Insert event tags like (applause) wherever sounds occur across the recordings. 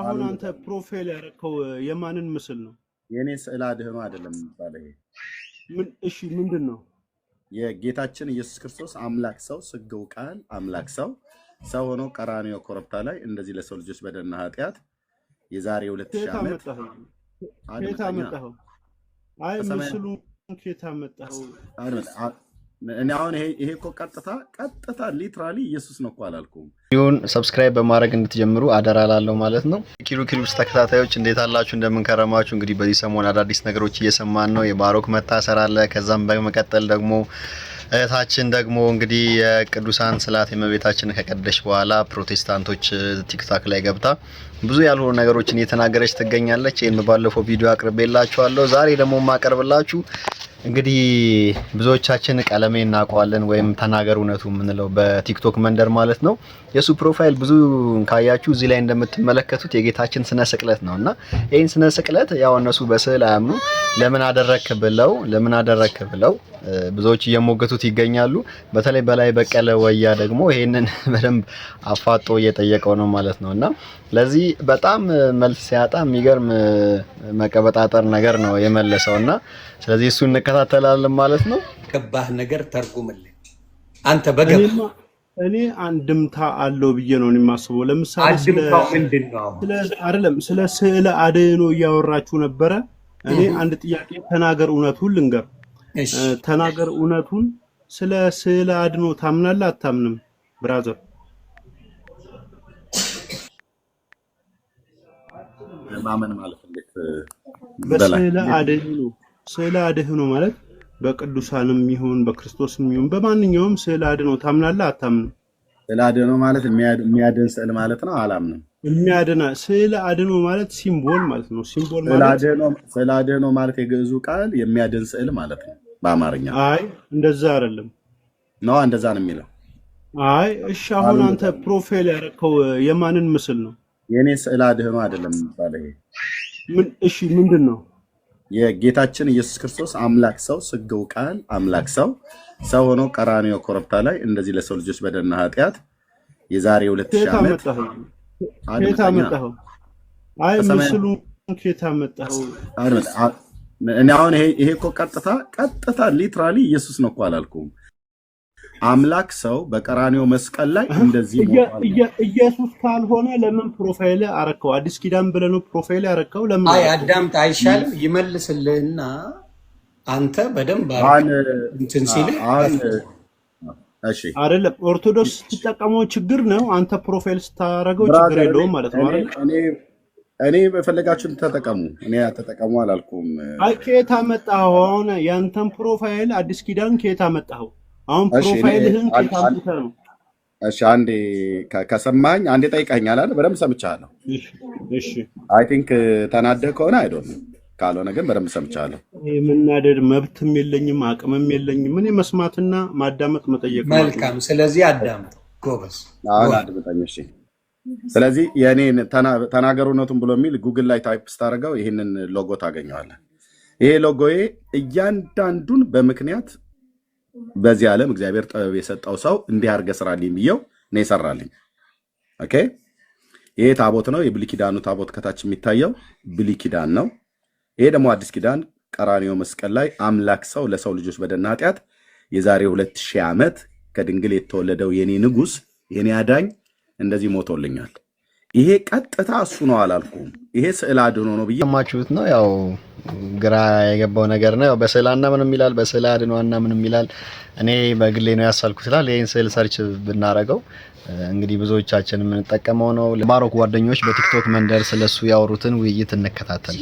አሁን አንተ ፕሮፋይል ያደረከው የማንን ምስል ነው? የእኔ ስዕል አድህኖ አይደለም የሚባለው ይሄ ምን? እሺ ምንድን ነው? የጌታችን ኢየሱስ ክርስቶስ አምላክ ሰው ስግው ቃል አምላክ ሰው ሰው ሆኖ ቀራንዮ ኮረብታ ላይ እንደዚህ ለሰው ልጆች በደና ኃጢአት የዛሬ ሁለት ሺህ ዓመት ከየት አመጣኸው? አይ ምስሉ ከየት አመጣኸው? እኔ አሁን ይሄ እኮ ቀጥታ ቀጥታ ሊትራሊ ኢየሱስ ነው እኮ አላልኩም። ይሁን ሰብስክራይብ በማድረግ እንድትጀምሩ አደራ ላለው ማለት ነው። ኪሩ ኪሉስ ተከታታዮች እንዴት አላችሁ? እንደምንከረማችሁ። እንግዲህ በዚህ ሰሞን አዳዲስ ነገሮች እየሰማን ነው። የባሮክ መታሰር አለ። ከዛም በመቀጠል ደግሞ እህታችን ደግሞ እንግዲህ የቅዱሳን ስላት የመቤታችን ከቀደሽ በኋላ ፕሮቴስታንቶች ቲክታክ ላይ ገብታ ብዙ ያልሆኑ ነገሮችን እየተናገረች ትገኛለች። ይህን ባለፈው ቪዲዮ አቅርቤላችኋለሁ። ዛሬ ደግሞ ማቀርብላችሁ እንግዲህ ብዙዎቻችን ቀለሜ እናውቀዋለን ወይም ተናገር እውነቱ የምንለው በቲክቶክ መንደር ማለት ነው። የእሱ ፕሮፋይል ብዙ ካያችሁ እዚህ ላይ እንደምትመለከቱት የጌታችን ስነ ስቅለት ነው እና ይህን ስነ ስቅለት ያው እነሱ በስዕል አያምኑ ለምን አደረክ ብለው ለምን አደረክ ብለው ብዙዎች እየሞገቱት ይገኛሉ። በተለይ በላይ በቀለ ወያ ደግሞ ይህንን (laughs) በደንብ አፋጦ እየጠየቀው ነው ማለት ነው እና ለዚህ በጣም መልስ ሲያጣ የሚገርም መቀበጣጠር ነገር ነው የመለሰው እና ስለዚህ እሱ እንከታተላለን ማለት ነው። ገባህ ነገር ተርጉምልኝ አንተ በገባ እኔ አንድምታ አለው ብዬ ነው የማስበው። ለምሳሌ ስለ ስዕለ አድኖ እያወራችሁ ነበረ። እኔ አንድ ጥያቄ ተናገር እውነቱን ልንገር፣ ተናገር እውነቱን ስለ ስዕለ አድኖ ታምናለህ አታምንም ብራዘር? ማመን ማለት እንዴት በስዕለ አድኅኖ ስዕለ አድኅኖ ማለት በቅዱሳንም ይሁን በክርስቶስም ይሁን በማንኛውም ስዕለ አድኅኖ ታምናለህ አታምንም? ስዕለ አድኅኖ ማለት የሚያድን ስዕል ማለት ነው። አላምንም። የሚያድና ስዕለ አድኅኖ ማለት ሲምቦል ማለት ነው። ሲምቦል ማለት ስዕለ አድኅኖ ማለት የግዕዙ ቃል የሚያድን ስዕል ማለት ነው በአማርኛ። አይ እንደዛ አይደለም። ነዋ እንደዛ ነው የሚለው። አይ እሺ፣ አሁን አንተ ፕሮፋይል ያደረከው የማንን ምስል ነው? የእኔ ስዕል አድህኖ አይደለም የሚባለው ይሄ ምን? እሺ ምንድን ነው? የጌታችን ኢየሱስ ክርስቶስ አምላክ ሰው ስገው ቃል አምላክ ሰው ሰው ሆኖ ቀራንዮ ኮረብታ ላይ እንደዚህ ለሰው ልጆች በደና ኃጢአት የዛሬ ሁለት ሺህ ዓመት ከየት አመጣኸው? አይ ምስሉን ከየት አመጣኸው? እኔ አሁን ይሄ እኮ ቀጥታ ቀጥታ ሊትራሊ ኢየሱስ ነው እኮ አላልኩም። አምላክ ሰው በቀራኔው መስቀል ላይ እንደዚህ ኢየሱስ ካልሆነ ለምን ፕሮፋይል አረከው? አዲስ ኪዳን ብለህ ነው ፕሮፋይል ያረከው? ለምን አይ አዳምጥ፣ አይሻልም? ይመልስልህና አንተ በደንብ እንትን ሲል አይደለም ኦርቶዶክስ ስትጠቀመው ችግር ነው። አንተ ፕሮፋይል ስታረገው ችግር የለውም ማለት ነው አይደል? እኔ በፈለጋችሁ ተጠቀሙ፣ እኔ ተጠቀሙ አላልኩም። ከየት አመጣኸው? አሁን ያንተን ፕሮፋይል አዲስ ኪዳን ከየት አመጣኸው? አሁን ፕሮፋይልህን ከኮምፒውተር ነው። እሺ አንዴ ከሰማኝ አንዴ ጠይቀኛል አለ። በደንብ ሰምቻለሁ። እሺ አይ ቲንክ ተናደህ ከሆነ አይዶን ካልሆነ ግን በደንብ ሰምቻለሁ። የምናደድ መብትም የለኝም አቅምም የለኝም። ምን መስማትና ማዳመጥ መጠየቅ። መልካም። ስለዚህ አዳምጥ ጎበዝ። አድምጠኝ። እሺ ስለዚህ የእኔን ተናገር እውነቱን ብሎ የሚል ጉግል ላይ ታይፕ ስታደርገው ይህንን ሎጎ ታገኘዋለን። ይሄ ሎጎዬ እያንዳንዱን በምክንያት በዚህ ዓለም እግዚአብሔር ጥበብ የሰጠው ሰው እንዲህ አድርገህ ስራልኝ ብየው ነው ይሰራልኝ። ኦኬ ይሄ ታቦት ነው። የብሉይ ኪዳኑ ታቦት ከታች የሚታየው ብሉይ ኪዳን ነው። ይሄ ደግሞ አዲስ ኪዳን ቀራኒዮ መስቀል ላይ አምላክ ሰው ለሰው ልጆች በደና ኃጢአት የዛሬ ሁለት ሺህ ዓመት ከድንግል የተወለደው የኔ ንጉስ የኔ አዳኝ እንደዚህ ሞቶልኛል። ይሄ ቀጥታ እሱ ነው አላልኩም። ይሄ ስዕል አድኖ ነው ብዬ ማችሁት ነው። ያው ግራ የገባው ነገር ነው። ያው በስዕል ምንም ይላል፣ በስዕል አድኖ ምንም ይላል። እኔ በግሌ ነው ያሳልኩ ይላል። ይህን ስዕል ሰርች ብናረገው እንግዲህ ብዙዎቻችን የምንጠቀመው ነው። ለማሮክ ጓደኞች በቲክቶክ መንደር ስለሱ ያወሩትን ውይይት እንከታተል።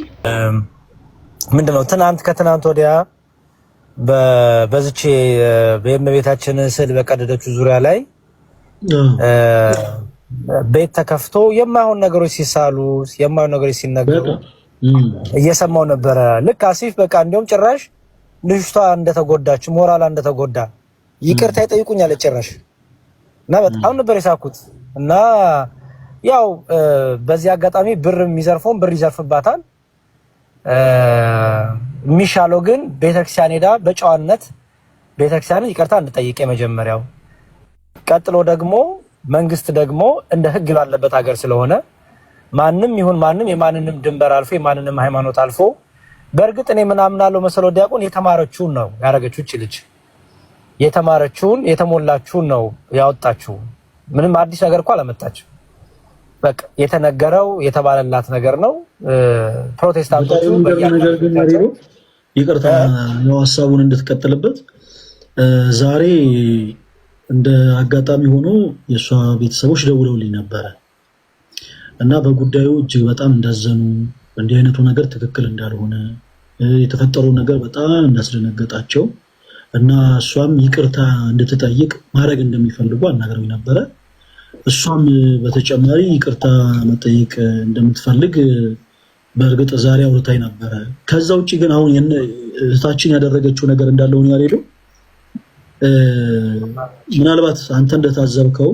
ምንድነው ትናንት ከትናንት ወዲያ በዝቼ የእመቤታችን ስዕል በቀደደችው ዙሪያ ላይ ቤት ተከፍቶ የማይሆን ነገሮች ሲሳሉ የማይሆን ነገሮች ሲነገሩ እየሰማው ነበረ። ልክ አሲፍ በቃ እንዲሁም ጭራሽ ልጅቷ እንደተጎዳች ሞራላ እንደተጎዳ ይቅርታ ይጠይቁኛል ጭራሽ እና በጣም ነበር የሳኩት። እና ያው በዚህ አጋጣሚ ብር የሚዘርፈውን ብር ይዘርፍባታል። የሚሻለው ግን ቤተክርስቲያን ሄዳ በጨዋነት ቤተክርስቲያን ይቅርታ እንድጠይቅ የመጀመሪያው ቀጥሎ ደግሞ መንግስት ደግሞ እንደ ህግ ባለበት ሀገር ስለሆነ ማንም ይሁን ማንም የማንንም ድንበር አልፎ የማንንም ሃይማኖት አልፎ በእርግጥ እኔ ምናምናለው መሰለው ዲያቆን የተማረችውን ነው ያደረገችው። እች ልጅ የተማረችውን የተሞላችውን ነው ያወጣችው። ምንም አዲስ ነገር እኮ አላመጣችው። በቃ የተነገረው የተባለላት ነገር ነው። ፕሮቴስታንቶቹ ይቅርታ ነው ሀሳቡን እንድትቀጥልበት ዛሬ እንደ አጋጣሚ ሆኖ የእሷ ቤተሰቦች ደውለውልኝ ነበረ እና በጉዳዩ እጅግ በጣም እንዳዘኑ እንዲህ አይነቱ ነገር ትክክል እንዳልሆነ የተፈጠረው ነገር በጣም እንዳስደነገጣቸው እና እሷም ይቅርታ እንድትጠይቅ ማድረግ እንደሚፈልጉ አናግረውኝ ነበረ። እሷም በተጨማሪ ይቅርታ መጠየቅ እንደምትፈልግ በእርግጥ ዛሬ አውርታኝ ነበረ። ከዛ ውጭ ግን አሁን እህታችን ያደረገችው ነገር እንዳለውን ያሌለው ምናልባት አንተ እንደታዘብከው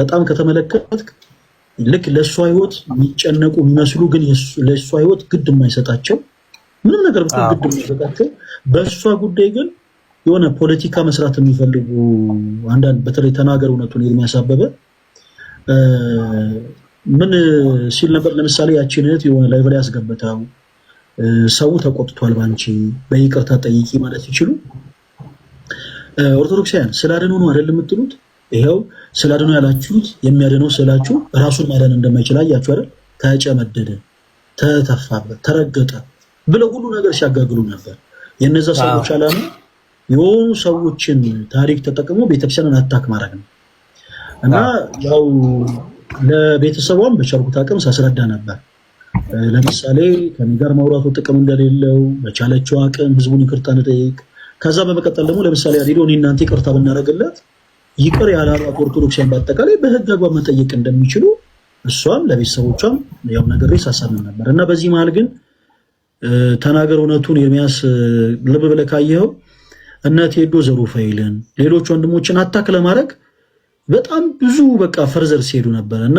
በጣም ከተመለከትክ ልክ ለእሷ ህይወት የሚጨነቁ የሚመስሉ ግን ለእሷ ህይወት ግድ የማይሰጣቸው ምንም ነገር ብቻ ግድ የማይሰጣቸው በእሷ ጉዳይ ግን የሆነ ፖለቲካ መስራት የሚፈልጉ አንዳንድ በተለይ ተናገር እውነቱን የሚያሳበበ ምን ሲል ነበር? ለምሳሌ ያቺን እህት የሆነ ላይቭ ላይ ያስገበተው ሰው ተቆጥቷል፣ ባንቺ በይቅርታ ጠይቂ ማለት ይችሉ ኦርቶዶክሳውያን ስላድኖ ነው አይደል የምትሉት? ይኸው ስላድኖ ያላችሁት የሚያድነው ስላችሁ ራሱን ማዳን እንደማይችል አያችሁ አይደል? ተጨመደደ፣ ተተፋበት፣ ተረገጠ ብለው ሁሉ ነገር ሲያጋግሉ ነበር። የነዛ ሰዎች አላማ የሆኑ ሰዎችን ታሪክ ተጠቅሞ ቤተክርስቲያንን አታክ ማድረግ ነው እና ያው ለቤተሰቧም በቻልኩት አቅም ሳስረዳ ነበር። ለምሳሌ ከኔ ጋር ማውራቱ ጥቅም እንደሌለው በቻለችው አቅም ህዝቡን ይቅርታ እንጠይቅ ከዛ በመቀጠል ደግሞ ለምሳሌ አዲዶ እኔ እናንተ ይቅርታ ብናደርግለት ይቅር ያላሏት ኦርቶዶክሲያን በአጠቃላይ በህግ አግባብ መጠየቅ እንደሚችሉ እሷም ለቤተሰቦቿም ያው ነገር ሳሳምን ነበር እና በዚህ መሀል ግን ተናገር እውነቱን ኤርሚያስ ልብ ብለህ ካየኸው እነ ቴዶ ዘሩፋይልን ሌሎች ወንድሞችን አታክ ለማድረግ በጣም ብዙ በቃ ፈርዘር ሲሄዱ ነበር እና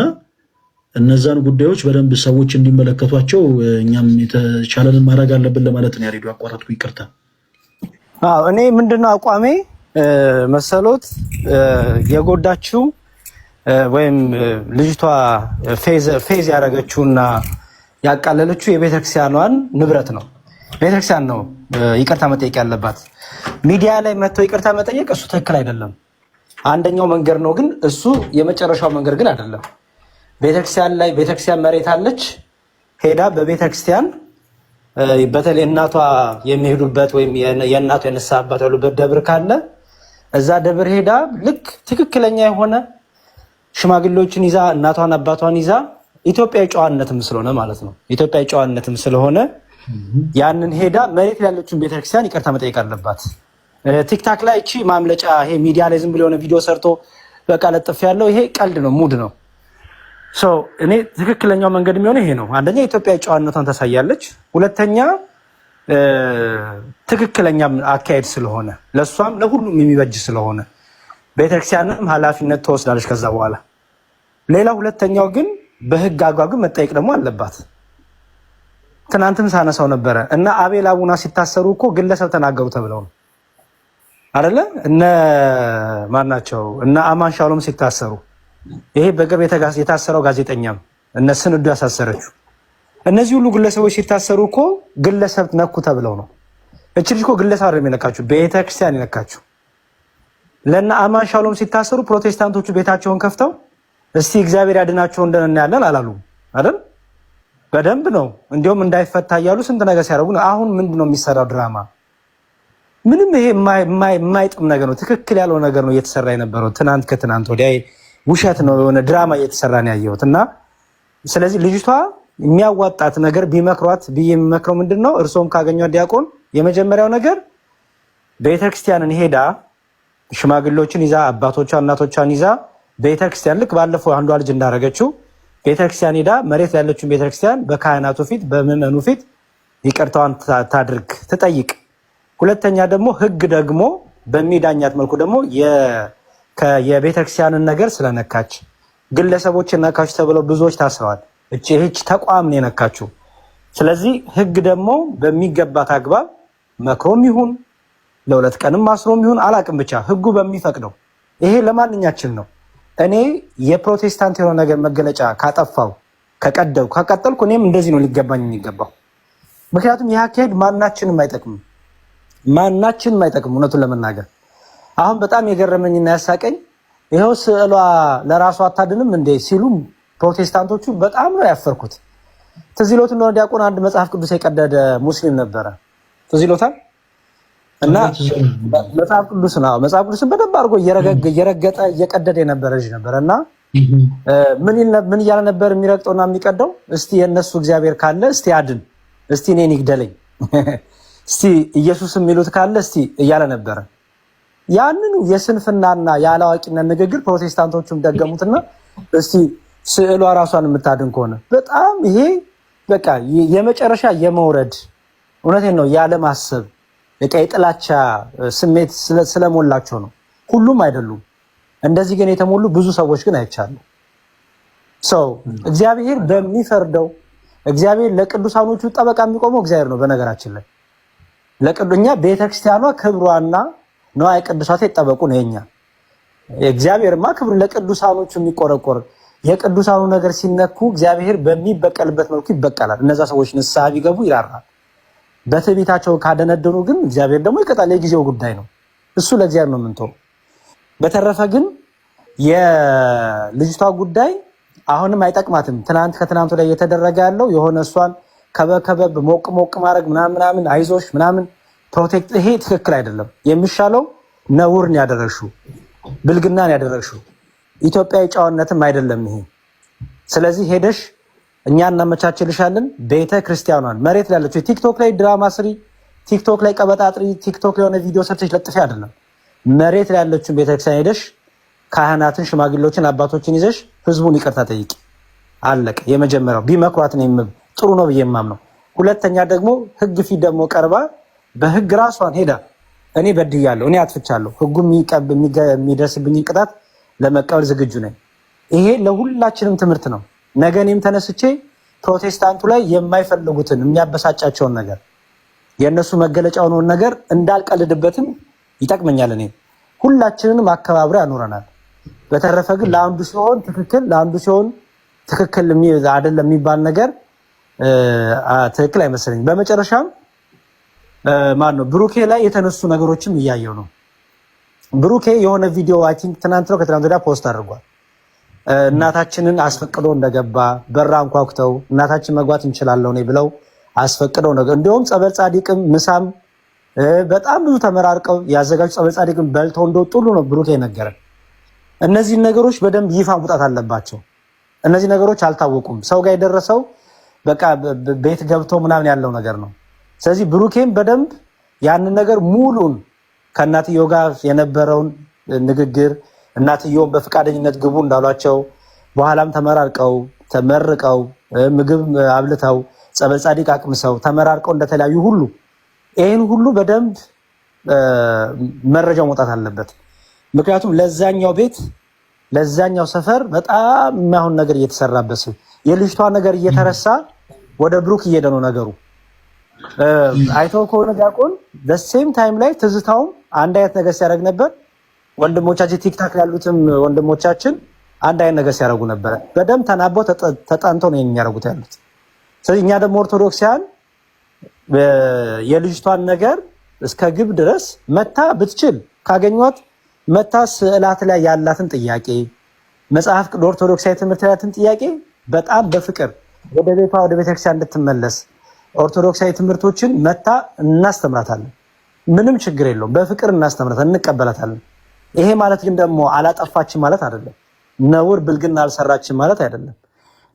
እነዛን ጉዳዮች በደንብ ሰዎች እንዲመለከቷቸው እኛም የተቻለንን ማድረግ አለብን ለማለት ነው። ያሬዱ አቋረጥኩ፣ ይቅርታ። አዎ እኔ ምንድነው አቋሜ መሰሎት የጎዳችው ወይም ልጅቷ ፌዝ ያደረገችውና ያቃለለችው የቤተክርስቲያኗን ንብረት ነው። ቤተክርስቲያን ነው ይቅርታ መጠየቅ ያለባት። ሚዲያ ላይ መጥተው ይቅርታ መጠየቅ እሱ ትክክል አይደለም። አንደኛው መንገድ ነው፣ ግን እሱ የመጨረሻው መንገድ ግን አይደለም። ቤተክርስቲያን ላይ ቤተክርስቲያን መሬት አለች ሄዳ በቤተክርስቲያን በተለይ እናቷ የሚሄዱበት ወይም የእናቷ የንስሐ አባት ያሉበት ደብር ካለ እዛ ደብር ሄዳ ልክ ትክክለኛ የሆነ ሽማግሌዎችን ይዛ እናቷን አባቷን ይዛ ኢትዮጵያ ጨዋነትም ስለሆነ ማለት ነው ኢትዮጵያ ጨዋነትም ስለሆነ ያንን ሄዳ መሬት ያለችውን ቤተክርስቲያን ይቅርታ መጠየቅ አለባት። ቲክታክ ላይ እቺ ማምለጫ ይሄ ሚዲያ ላይ ዝም ብሎ የሆነ ቪዲዮ ሰርቶ በቃ ለጥፍ ያለው ይሄ ቀልድ ነው፣ ሙድ ነው። እኔ ትክክለኛው መንገድ የሚሆነው ይሄ ነው። አንደኛ የኢትዮጵያ ጨዋነቷን ታሳያለች። ሁለተኛ ትክክለኛ አካሄድ ስለሆነ ለእሷም ለሁሉም የሚበጅ ስለሆነ ቤተክርስቲያንም ኃላፊነት ተወስዳለች። ከዛ በኋላ ሌላ ሁለተኛው ግን በህግ አግባብ ግን መጠየቅ ደግሞ አለባት። ትናንትም ሳነሳው ነበረ እና አቤል አቡና ሲታሰሩ እኮ ግለሰብ ተናገሩ ተብለው ነው አደለ? እነ ማን ናቸው? እነ አማን ሻሎም ሲታሰሩ ይሄ በቅርብ የታሰረው ነው። እነ ስንዱ ያሳሰረችው እነዚህ ሁሉ ግለሰቦች ሲታሰሩ እኮ ግለሰብ ነኩ ተብለው ነው። እች ልጅ እኮ ግለሰብ አይደለም የነካችሁ፣ ቤተክርስቲያን የነካችሁ። ለእነ አማን ሻሎም ሲታሰሩ ፕሮቴስታንቶቹ ቤታቸውን ከፍተው እስቲ እግዚአብሔር ያድናቸው እንደናያለን አላሉ አይደል? በደንብ ነው። እንዲሁም እንዳይፈታ እያሉ ስንት ነገር ሲያደርጉ ነው። አሁን ምንድን ነው የሚሰራው ድራማ? ምንም ይሄ የማይጥም ነገር ነው። ትክክል ያለው ነገር ነው እየተሰራ የነበረው ትናንት ከትናንት ወዲያ ውሸት ነው፣ የሆነ ድራማ እየተሰራ ነው ያየሁት። እና ስለዚህ ልጅቷ የሚያዋጣት ነገር ቢመክሯት ብዬ የሚመክረው ምንድን ነው? እርስዎም ካገኘ ዲያቆን፣ የመጀመሪያው ነገር ቤተክርስቲያንን ሄዳ ሽማግሌዎችን ይዛ አባቶቿ እናቶቿን ይዛ ቤተክርስቲያን ልክ ባለፈው አንዷ ልጅ እንዳደረገችው ቤተክርስቲያን ሄዳ መሬት ያለችውን ቤተክርስቲያን በካህናቱ ፊት በምዕመኑ ፊት ይቅርታዋን ታድርግ፣ ትጠይቅ። ሁለተኛ ደግሞ ህግ ደግሞ በሚዳኛት መልኩ ደግሞ የቤተክርስቲያንን ነገር ስለነካች ግለሰቦች ነካች ተብለው ብዙዎች ታስረዋል። እች ይህች ተቋም ነው የነካችው። ስለዚህ ህግ ደግሞ በሚገባት አግባብ መክሮም ይሁን ለሁለት ቀንም ማስሮም ይሁን አላቅም፣ ብቻ ህጉ በሚፈቅደው ይሄ ለማንኛችን ነው። እኔ የፕሮቴስታንት የሆነ ነገር መገለጫ ካጠፋው ከቀደው ካቀጠልኩ እኔም እንደዚህ ነው ሊገባኝ የሚገባው። ምክንያቱም ይህ አካሄድ ማናችንም አይጠቅምም፣ ማናችንም አይጠቅም እውነቱን ለመናገር አሁን በጣም የገረመኝና ያሳቀኝ ይኸው ስዕሏ ለራሷ አታድንም እንዴ ሲሉም ፕሮቴስታንቶቹ በጣም ነው ያፈርኩት። ትዚሎት እንደሆነ ዲያቆን አንድ መጽሐፍ ቅዱስ የቀደደ ሙስሊም ነበረ። ትዚሎታል እና መጽሐፍ ቅዱስ ነው መጽሐፍ ቅዱስን በደንብ አድርጎ እየረገጠ እየቀደደ የነበረ ልጅ ነበረ እና ምን እያለ ነበር የሚረግጠውና የሚቀደው? እስቲ የእነሱ እግዚአብሔር ካለ እስቲ አድን፣ እስቲ እኔን ይግደለኝ፣ (laughs) እስቲ ኢየሱስ የሚሉት ካለ እስቲ እያለ ነበረ ያንኑ የስንፍናና የአላዋቂነት ንግግር ፕሮቴስታንቶቹም ደገሙትና እስቲ ስዕሏ ራሷን የምታድን ከሆነ በጣም ይሄ በቃ የመጨረሻ የመውረድ እውነቴን ነው ያለማሰብ በቃ የጥላቻ ስሜት ስለሞላቸው ነው። ሁሉም አይደሉም። እንደዚህ ግን የተሞሉ ብዙ ሰዎች ግን አይቻሉ። ሰው እግዚአብሔር በሚፈርደው እግዚአብሔር ለቅዱሳኖቹ ጠበቃ የሚቆመው እግዚአብሔር ነው። በነገራችን ላይ ለቅዱኛ ቤተክርስቲያኗ ክብሯና ንዋየ ቅዱሳት ይጠበቁ ነው የኛ እግዚአብሔርማ ክብር ለቅዱሳኖቹ የሚቆረቆር የቅዱሳኑ ነገር ሲነኩ እግዚአብሔር በሚበቀልበት መልኩ ይበቀላል። እነዛ ሰዎች ንስሐ ቢገቡ ይራራል። በትዕቢታቸው ካደነደኑ ግን እግዚአብሔር ደግሞ ይቀጣል። የጊዜው ጉዳይ ነው። እሱ ለእግዚአብሔር ነው የምንተው። በተረፈ ግን የልጅቷ ጉዳይ አሁንም አይጠቅማትም። ትናንት ከትናንቱ ላይ እየተደረገ ያለው የሆነ እሷን ከበብ ከበብ ሞቅ ሞቅ ማድረግ ምናምን ምናምን አይዞሽ ምናምን ፕሮቴክት ይሄ ትክክል አይደለም። የሚሻለው ነውርን ያደረግሽው ብልግናን ያደረግሽው ኢትዮጵያዊ ጨዋነትም አይደለም ይሄ። ስለዚህ ሄደሽ እኛ እናመቻችልሻለን። ቤተ ክርስቲያኗን መሬት ላለች ቲክቶክ ላይ ድራማ ስሪ፣ ቲክቶክ ላይ ቀበጣጥሪ፣ ቲክቶክ ላይ የሆነ ቪዲዮ ሰርተሽ ለጥፊ አይደለም። መሬት ላይ ቤተክርስቲያን ሄደሽ ካህናትን፣ ሽማግሌዎችን፣ አባቶችን ይዘሽ ህዝቡን ይቅርታ ጠይቂ። አለቅ የመጀመሪያው ቢመክሯትን ጥሩ ነው ብዬ የማምነው። ሁለተኛ ደግሞ ህግ ፊት ደግሞ ቀርባ በህግ ራሷን ሄዳ እኔ በድያለሁ፣ እኔ አጥፍቻለሁ፣ ህጉ የሚደርስብኝ ቅጣት ለመቀበል ዝግጁ ነኝ። ይሄ ለሁላችንም ትምህርት ነው። ነገ እኔም ተነስቼ ፕሮቴስታንቱ ላይ የማይፈልጉትን የሚያበሳጫቸውን ነገር የእነሱ መገለጫ ነገር እንዳልቀልድበትም ይጠቅመኛል። እኔ ሁላችንንም አከባብረ ያኖረናል። በተረፈ ግን ለአንዱ ሲሆን ትክክል ለአንዱ ሲሆን ትክክል አይደለም የሚባል ነገር ትክክል አይመስለኝም። በመጨረሻም ማን ነው ብሩኬ ላይ የተነሱ ነገሮችም እያየው ነው። ብሩኬ የሆነ ቪዲዮ አይ ቲንክ ትናንት ነው ከትናንት ወዲያ ፖስት አድርጓል። እናታችንን አስፈቅዶ እንደገባ በራ አንኳኩተው እናታችን መግባት ነው ብለው አስፈቅደው ነገር እንዲሁም ጸበል ጻዲቅም ምሳም በጣም ብዙ ተመራርቀው ያዘጋጁ ጸበል ጻዲቅም በልተው እንደወጡ ሁሉ ነው ብሩኬ ነገረን። እነዚህ ነገሮች በደንብ ይፋ መውጣት አለባቸው። እነዚህ ነገሮች አልታወቁም። ሰው ጋር የደረሰው በቃ ቤት ገብቶ ምናምን ያለው ነገር ነው። ስለዚህ ብሩኬም በደንብ ያንን ነገር ሙሉን ከእናትየው ጋር የነበረውን ንግግር እናትየውን በፈቃደኝነት ግቡ እንዳሏቸው በኋላም ተመራርቀው ተመርቀው ምግብ አብልተው ጸበል ጻዲቅ አቅምሰው ተመራርቀው እንደተለያዩ ሁሉ ይህን ሁሉ በደንብ መረጃው መውጣት አለበት። ምክንያቱም ለዛኛው ቤት ለዛኛው ሰፈር በጣም የማይሆን ነገር እየተሰራበት የልጅቷ ነገር እየተረሳ ወደ ብሩክ እየሄደ ነው ነገሩ። አይተው ከሆነ ዲያቆን በሴም ታይም ላይ ትዝታውም አንድ አይነት ነገር ሲያደርግ ነበር። ወንድሞቻችን ቲክታክ ያሉትም ወንድሞቻችን አንድ አይነት ነገር ሲያደርጉ ነበረ። በደንብ ተናበው ተጠንተው ነው የሚያደርጉት ያሉት። ስለዚህ እኛ ደግሞ ኦርቶዶክሲያን የልጅቷን ነገር እስከ ግብ ድረስ መታ ብትችል ካገኟት መታ ስዕላት ላይ ያላትን ጥያቄ መጽሐፍ ኦርቶዶክሳዊ ትምህርት ያላትን ጥያቄ በጣም በፍቅር ወደ ቤቷ ወደ ቤተክርስቲያን እንድትመለስ ኦርቶዶክሳዊ ትምህርቶችን መታ እናስተምራታለን። ምንም ችግር የለውም። በፍቅር እናስተምራታለን፣ እንቀበላታለን። ይሄ ማለት ግን ደግሞ አላጠፋችን ማለት አይደለም። ነውር ብልግና አልሰራችን ማለት አይደለም።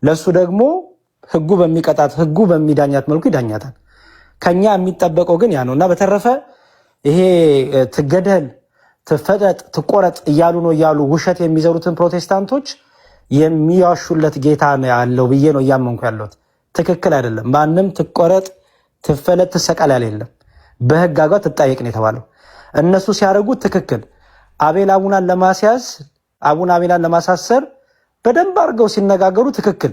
ለሱ ደግሞ ህጉ በሚቀጣት ህጉ በሚዳኛት መልኩ ይዳኛታል። ከኛ የሚጠበቀው ግን ያ ነው እና በተረፈ ይሄ ትገደል፣ ትፈጠጥ፣ ትቆረጥ እያሉ ነው እያሉ ውሸት የሚዘሩትን ፕሮቴስታንቶች የሚዋሹለት ጌታ ነው ያለው ብዬ ነው እያመንኩ ያለሁት። ትክክል አይደለም። ማንም ትቆረጥ፣ ትፈለጥ፣ ትሰቀላል የለም። በህግ አግባብ ትጠየቅ ነው የተባለው። እነሱ ሲያደርጉት ትክክል አቤል አቡናን ለማስያዝ አቡን አቤላን ለማሳሰር በደንብ አድርገው ሲነጋገሩ ትክክል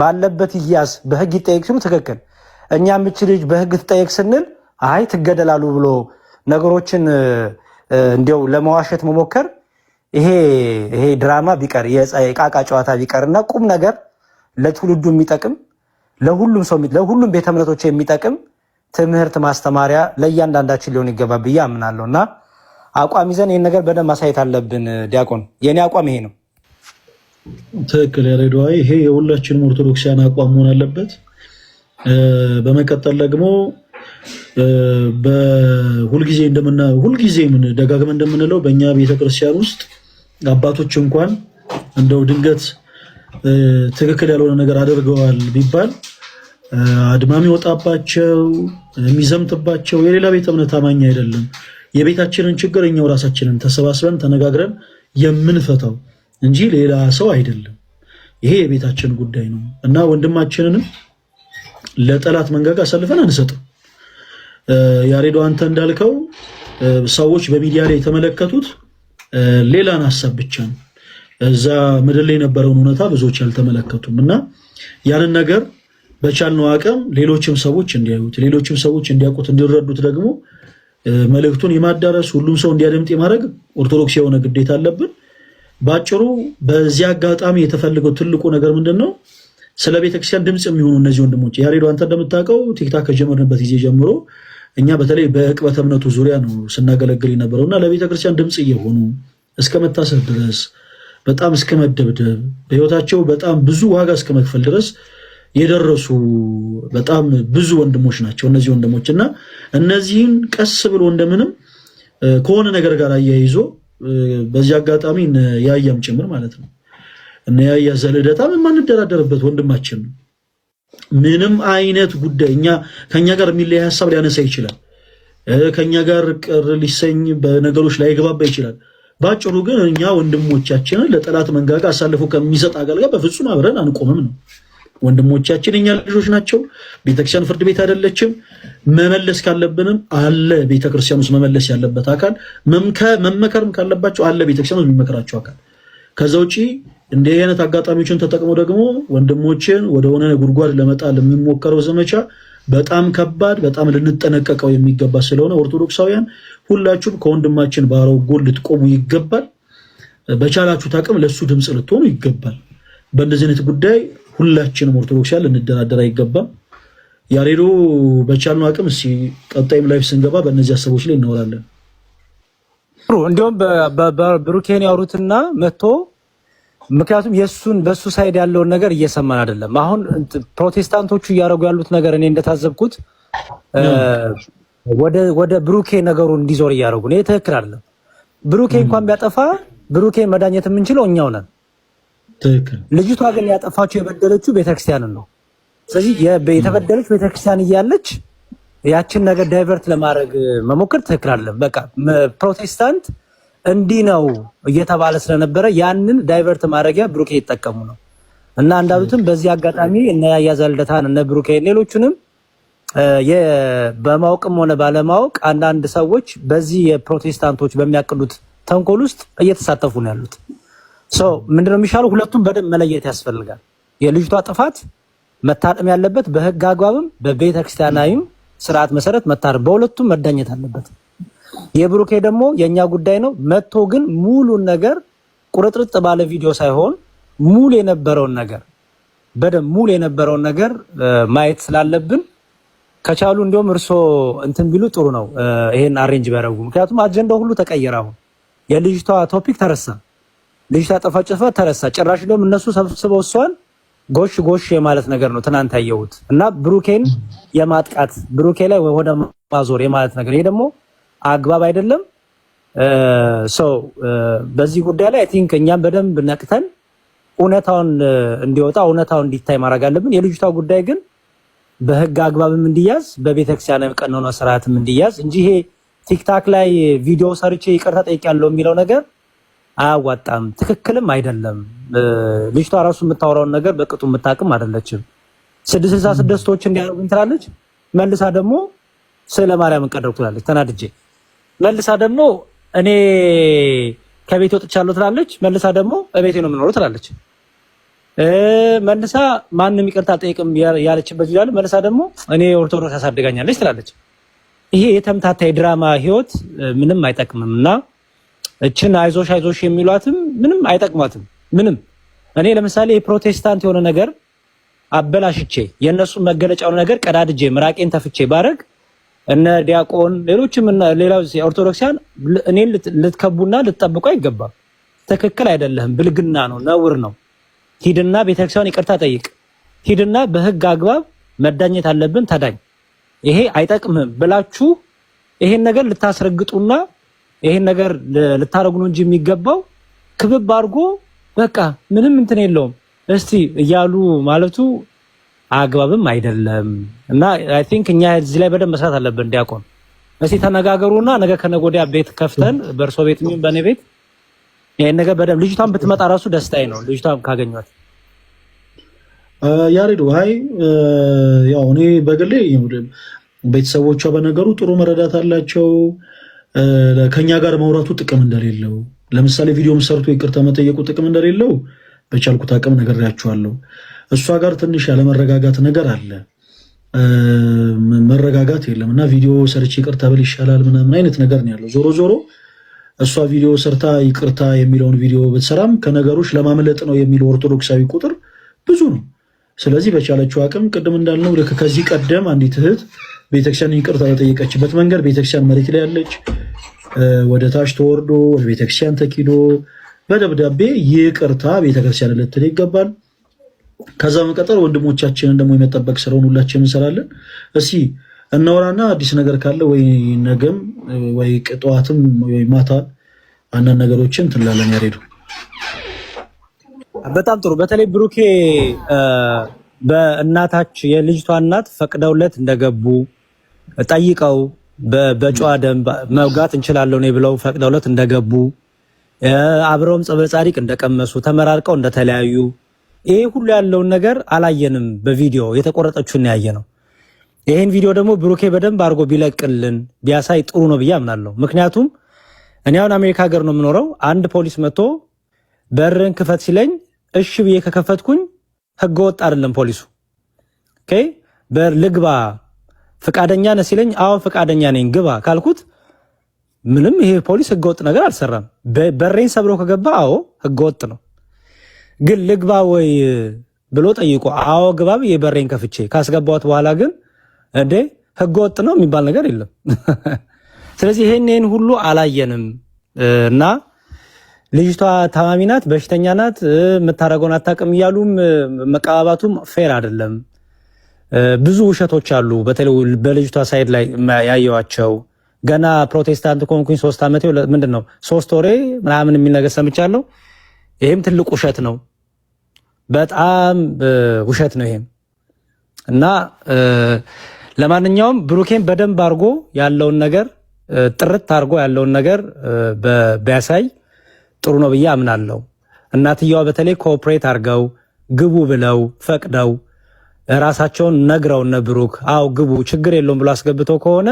ባለበት ይያዝ በህግ ይጠየቅ ሲሉ ትክክል። እኛ ምች ልጅ በህግ ትጠየቅ ስንል አይ ትገደላሉ ብሎ ነገሮችን እንዲያው ለመዋሸት መሞከር ይሄ ይሄ ድራማ ቢቀር የቃቃ ጨዋታ ቢቀርና ቁም ነገር ለትውልዱ የሚጠቅም ለሁሉም ሰው ለሁሉም ቤተ እምነቶች የሚጠቅም ትምህርት ማስተማሪያ ለእያንዳንዳችን ሊሆን ይገባ ብዬ አምናለሁ እና አቋም ይዘን ይህን ነገር በደንብ ማሳየት አለብን። ዲያቆን የእኔ አቋም ይሄ ነው። ትክክል ያሬድዋ፣ ይሄ የሁላችንም ኦርቶዶክሲያን አቋም መሆን አለበት። በመቀጠል ደግሞ በሁልጊዜ እንደምና ሁልጊዜ ምን ደጋግመ እንደምንለው በእኛ ቤተክርስቲያን ውስጥ አባቶች እንኳን እንደው ድንገት ትክክል ያልሆነ ነገር አድርገዋል ቢባል አድማ የሚወጣባቸው የሚዘምትባቸው የሌላ ቤተ እምነት አማኝ አይደለም። የቤታችንን ችግር እኛው ራሳችንን ተሰባስበን ተነጋግረን የምንፈታው እንጂ ሌላ ሰው አይደለም። ይሄ የቤታችን ጉዳይ ነው እና ወንድማችንንም ለጠላት መንጋጋ አሳልፈን አንሰጥም። ያሬዶ አንተ እንዳልከው ሰዎች በሚዲያ ላይ የተመለከቱት ሌላን ሀሳብ ብቻ ነው። እዛ ምድር ላይ የነበረውን እውነታ ብዙዎች አልተመለከቱም እና ያንን ነገር በቻልነው አቅም ሌሎችም ሰዎች እንዲያዩት፣ ሌሎችም ሰዎች እንዲያውቁት፣ እንዲረዱት ደግሞ መልእክቱን የማዳረስ ሁሉም ሰው እንዲያደምጥ የማድረግ ኦርቶዶክስ የሆነ ግዴታ አለብን። በአጭሩ በዚህ አጋጣሚ የተፈለገው ትልቁ ነገር ምንድን ነው? ስለ ቤተክርስቲያን ድምፅ የሚሆኑ እነዚህ ወንድሞች ያሬዶ፣ አንተ እንደምታውቀው ቲክታክ ከጀመርንበት ጊዜ ጀምሮ እኛ በተለይ በዕቅበተ እምነቱ ዙሪያ ነው ስናገለግል የነበረው እና ለቤተክርስቲያን ድምፅ እየሆኑ እስከ መታሰር ድረስ በጣም እስከ መደብደብ በህይወታቸው በጣም ብዙ ዋጋ እስከ መክፈል ድረስ የደረሱ በጣም ብዙ ወንድሞች ናቸው እነዚህ ወንድሞች እና እነዚህን ቀስ ብሎ እንደምንም ከሆነ ነገር ጋር አያይዞ በዚህ አጋጣሚ ያያም ጭምር ማለት ነው እና ያያ ዘልደታም የማንደራደርበት ወንድማችን ነው። ምንም አይነት ጉዳይ እኛ ከኛ ጋር የሚለያይ ሀሳብ ሊያነሳ ይችላል። ከኛ ጋር ቅር ሊሰኝ በነገሮች ላይ ይገባባ ይችላል። ባጭሩ ግን እኛ ወንድሞቻችንን ለጠላት መንጋጋ አሳልፎ ከሚሰጥ አገልጋይ በፍጹም አብረን አንቆምም ነው። ወንድሞቻችን እኛ ልጆች ናቸው። ቤተክርስቲያን ፍርድ ቤት አይደለችም። መመለስ ካለብንም አለ ቤተክርስቲያን ውስጥ መመለስ ያለበት አካል፣ መመከርም ካለባቸው አለ ቤተክርስቲያን ውስጥ የሚመከራቸው አካል። ከዛ ውጪ እንዲህ አይነት አጋጣሚዎችን ተጠቅሞ ደግሞ ወንድሞችን ወደ ሆነ ጉድጓድ ለመጣል የሚሞከረው ዘመቻ በጣም ከባድ፣ በጣም ልንጠነቀቀው የሚገባ ስለሆነ ኦርቶዶክሳውያን ሁላችሁም ከወንድማችን ባሮ ጎን ልትቆሙ ይገባል። በቻላችሁት አቅም ለእሱ ድምፅ ልትሆኑ ይገባል። በእንደዚህ አይነት ጉዳይ ሁላችንም ኦርቶዶክሳውያን ልንደራደር አይገባም። ያሬዶ በቻልነው አቅም እ ቀጣይም ላይፍ ስንገባ በእነዚህ ሀሳቦች ላይ እናወራለን። እንዲሁም ብሩኬን ያወሩትና መጥቶ ምክንያቱም የእሱን በእሱ ሳይድ ያለውን ነገር እየሰማን አይደለም። አሁን ፕሮቴስታንቶቹ እያደረጉ ያሉት ነገር እኔ እንደታዘብኩት ወደ ብሩኬ ነገሩ እንዲዞር እያደረጉ ነው። ትክክል አይደለም። ብሩኬ እንኳን ቢያጠፋ ብሩኬ መዳኘት የምንችለው እኛው ነን። ልጅቷ ግን ያጠፋችው የበደለችው ቤተክርስቲያንን ነው። ስለዚህ የተበደለች ቤተክርስቲያን እያለች ያችን ነገር ዳይቨርት ለማድረግ መሞከር ትክክል አይደለም። በቃ ፕሮቴስታንት እንዲህ ነው እየተባለ ስለነበረ ያንን ዳይቨርት ማድረጊያ ብሩኬ ይጠቀሙ ነው እና እንዳሉትም በዚህ አጋጣሚ እነ ያያ ዘልደታን እነ ብሩኬ ሌሎቹንም በማወቅም ሆነ ባለማወቅ አንዳንድ ሰዎች በዚህ የፕሮቴስታንቶች በሚያቅዱት ተንኮል ውስጥ እየተሳተፉ ነው ያሉት። ምንድነው የሚሻለው? ሁለቱም በደንብ መለየት ያስፈልጋል። የልጅቷ ጥፋት መታረም ያለበት በህግ አግባብም በቤተ ስርዓት መሰረት መታረም፣ በሁለቱም መዳኘት አለበት። የብሩኬ ደግሞ የእኛ ጉዳይ ነው። መጥቶ ግን ሙሉን ነገር ቁርጥርጥ ባለ ቪዲዮ ሳይሆን ሙሉ የነበረውን ነገር በደንብ ሙሉ የነበረውን ነገር ማየት ስላለብን ከቻሉ እንዲሁም እርሶ እንትን ቢሉ ጥሩ ነው፣ ይሄን አሬንጅ ቢያደርጉ። ምክንያቱም አጀንዳው ሁሉ ተቀየረ። አሁን የልጅቷ ቶፒክ ተረሳ። ልጅ ታጠፋጭፋ ተረሳ። ጭራሽ እንደውም እነሱ ሰብስበው እሷን ጎሽ ጎሽ የማለት ነገር ነው ትናንት ያየሁት። እና ብሩኬን የማጥቃት ብሩኬ ላይ ወደ ማዞር የማለት ነገር ይሄ ደግሞ አግባብ አይደለም። ሰው በዚህ ጉዳይ ላይ አይ ቲንክ እኛም በደንብ ነቅተን እውነታውን እንዲወጣ እውነታውን እንዲታይ ማድረግ አለብን። የልጅቷ ጉዳይ ግን በህግ አግባብም እንዲያዝ በቤተክርስቲያን ቀኖና ስርዓትም እንዲያዝ እንጂ ይሄ ቲክታክ ላይ ቪዲዮ ሰርቼ ይቅርታ ያለው የሚለው ነገር አያዋጣም፣ ትክክልም አይደለም። ልጅቷ ራሱ የምታወራውን ነገር በቅጡ የምታቅም አይደለችም። ስድስት ስልሳ ስድስቶች እንዲያደርጉኝ ትላለች። መልሳ ደግሞ ስለ ማርያም እንቀደርኩ ትላለች። ተናድጄ መልሳ ደግሞ እኔ ከቤት ወጥቻለሁ ትላለች። መልሳ ደግሞ እቤቴ ነው የምኖረው ትላለች። መልሳ ማንም ይቅርታ ጠይቅም ያለችበት ይላል። መልሳ ደግሞ እኔ ኦርቶዶክስ ያሳድጋኛለች ትላለች። ይሄ የተምታታ የድራማ ህይወት ምንም አይጠቅምም እና እችን አይዞሽ አይዞሽ የሚሏትም ምንም አይጠቅማትም። ምንም እኔ ለምሳሌ የፕሮቴስታንት የሆነ ነገር አበላሽቼ የእነሱ መገለጫውን ነገር ቀዳድጄ ምራቄን ተፍቼ ባረግ እነ ዲያቆን ሌሎችም ሌላ ኦርቶዶክሲያን እኔን ልትከቡና ልትጠብቁ አይገባም። ትክክል አይደለህም፣ ብልግና ነው፣ ነውር ነው። ሂድና ቤተክርስቲያን ይቅርታ ጠይቅ፣ ሂድና በህግ አግባብ መዳኘት አለብን ተዳኝ፣ ይሄ አይጠቅምህም ብላችሁ ይሄን ነገር ልታስረግጡና ይሄን ነገር ልታደርጉ ነው እንጂ የሚገባው ክብብ አድርጎ በቃ ምንም እንትን የለውም እስቲ እያሉ ማለቱ አግባብም አይደለም እና አይ ቲንክ እኛ እዚህ ላይ በደንብ መስራት አለብን። እንዲያቆም እስቲ ተነጋገሩና ነገ ከነገ ወዲያ ቤት ከፍተን በእርሶ ቤት የሚሆን በእኔ ቤት ይህን ነገር በደንብ ልጅቷን ብትመጣ ራሱ ደስታዬ ነው። ልጅቷን ካገኟት ያሬድ ውሀይ ያው እኔ በግሌ ቤተሰቦቿ በነገሩ ጥሩ መረዳት አላቸው። ከኛ ጋር መውራቱ ጥቅም እንደሌለው፣ ለምሳሌ ቪዲዮም ሰርቶ ይቅርታ መጠየቁ ጥቅም እንደሌለው በቻልኩት አቅም ነግሬያችኋለሁ። እሷ ጋር ትንሽ ያለመረጋጋት ነገር አለ። መረጋጋት የለም እና ቪዲዮ ሰርች ይቅርታ ብል ይሻላል ምናምን አይነት ነገር ነው ያለው። ዞሮ ዞሮ እሷ ቪዲዮ ሰርታ ይቅርታ የሚለውን ቪዲዮ ብትሰራም ከነገሮች ለማምለጥ ነው የሚለው ኦርቶዶክሳዊ ቁጥር ብዙ ነው። ስለዚህ በቻለችው አቅም ቅድም እንዳልነው ልክ ከዚህ ቀደም አንዲት እህት ቤተክርስቲያን ይቅርታ በጠየቀችበት መንገድ ቤተክርስቲያን መሬት ላይ ያለች ወደ ታች ተወርዶ ወደ ቤተክርስቲያን ተኪዶ በደብዳቤ ይቅርታ ቤተክርስቲያን ልትል ይገባል። ከዛ መቀጠል ወንድሞቻችንን ደግሞ የመጠበቅ ስራውን ሁላችን እንሰራለን። እስኪ እናውራና አዲስ ነገር ካለ ወይ ነገም ወይ ጠዋትም ወይ ማታ አንዳንድ ነገሮችን ትላለን። ያሬዱ በጣም ጥሩ። በተለይ ብሩኬ በእናታች የልጅቷ እናት ፈቅደውለት እንደገቡ ጠይቀው በጨዋ ደንብ መውጋት እንችላለን ብለው ፈቅደውለት እንደገቡ አብረውም ጸበለ ጻዲቅ እንደቀመሱ ተመራርቀው እንደተለያዩ ይሄ ሁሉ ያለውን ነገር አላየንም። በቪዲዮ የተቆረጠችውን ያየ ነው። ይሄን ቪዲዮ ደግሞ ብሩኬ በደንብ አድርጎ ቢለቅልን ቢያሳይ ጥሩ ነው ብዬ አምናለሁ። ምክንያቱም እኔ አሁን አሜሪካ ሀገር ነው የምኖረው። አንድ ፖሊስ መጥቶ በርን ክፈት ሲለኝ እሺ ብዬ ከከፈትኩኝ ህገወጥ አይደለም ፖሊሱ ልግባ ፈቃደኛ ነህ ሲለኝ አዎ ፈቃደኛ ነኝ ግባ ካልኩት ምንም ይሄ ፖሊስ ህገወጥ ነገር አልሰራም። በሬን ሰብሮ ከገባ አዎ ህገወጥ ነው። ግን ልግባ ወይ ብሎ ጠይቆ አዎ ግባ ብዬ በሬን ከፍቼ ካስገባት በኋላ ግን እንዴ ህገወጥ ነው የሚባል ነገር የለም። (laughs) ስለዚህ ይሄን ይህን ሁሉ አላየንም እና ልጅቷ ታማሚ ናት፣ በሽተኛ ናት፣ የምታደርገውን አታውቅም እያሉም መቀባባቱም ፌር አይደለም። ብዙ ውሸቶች አሉ። በተለይ በልጅቷ ሳይድ ላይ ያየዋቸው ገና ፕሮቴስታንት ኮንኩኝ ሶስት ዓመት ምንድን ነው ሶስት ወሬ ምናምን የሚል ነገር ሰምቻለሁ። ይህም ትልቅ ውሸት ነው፣ በጣም ውሸት ነው ይሄም እና ለማንኛውም ብሩኬን በደንብ አድርጎ ያለውን ነገር ጥርት አድርጎ ያለውን ነገር ቢያሳይ ጥሩ ነው ብዬ አምናለሁ። እናትየዋ በተለይ ኮኦፕሬት አድርገው ግቡ ብለው ፈቅደው ራሳቸውን ነግረው እነ ብሩክ አው ግቡ ችግር የለውም ብሎ አስገብተው ከሆነ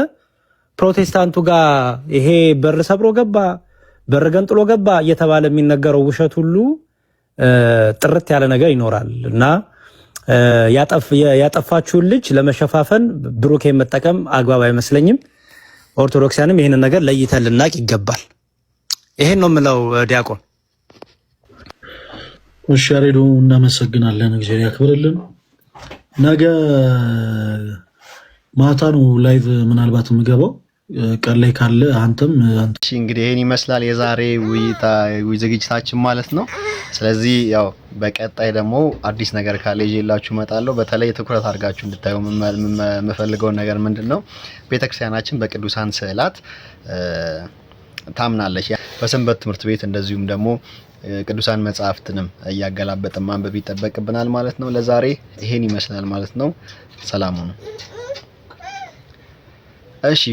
ፕሮቴስታንቱ ጋር ይሄ በር ሰብሮ ገባ፣ በር ገንጥሎ ገባ እየተባለ የሚነገረው ውሸት ሁሉ ጥርት ያለ ነገር ይኖራል እና ያጠፋችውን ልጅ ለመሸፋፈን ብሩክ መጠቀም አግባብ አይመስለኝም። ኦርቶዶክሲያንም ይህንን ነገር ለይተን ልናቅ ይገባል። ይሄን ነው የምለው። ዲያቆን እሺ፣ ያሬዶ እናመሰግናለን። እግዚአብሔር ያክብርልን። ነገ ማታ ነው ላይቭ ምናልባት የምገባው ቀን ላይ ካለ አንተም እንግዲህ ይህን ይመስላል የዛሬ ዝግጅታችን ማለት ነው። ስለዚህ ያው በቀጣይ ደግሞ አዲስ ነገር ካለ ይዤላችሁ እመጣለሁ። በተለይ ትኩረት አድርጋችሁ እንድታዩ የምፈልገውን ነገር ምንድን ነው፣ ቤተክርስቲያናችን በቅዱሳን ስዕላት ታምናለች። በሰንበት ትምህርት ቤት እንደዚሁም ደግሞ ቅዱሳን መጽሐፍትንም እያገላበጥን ማንበብ ይጠበቅብናል ማለት ነው። ለዛሬ ይሄን ይመስላል ማለት ነው። ሰላም እሺ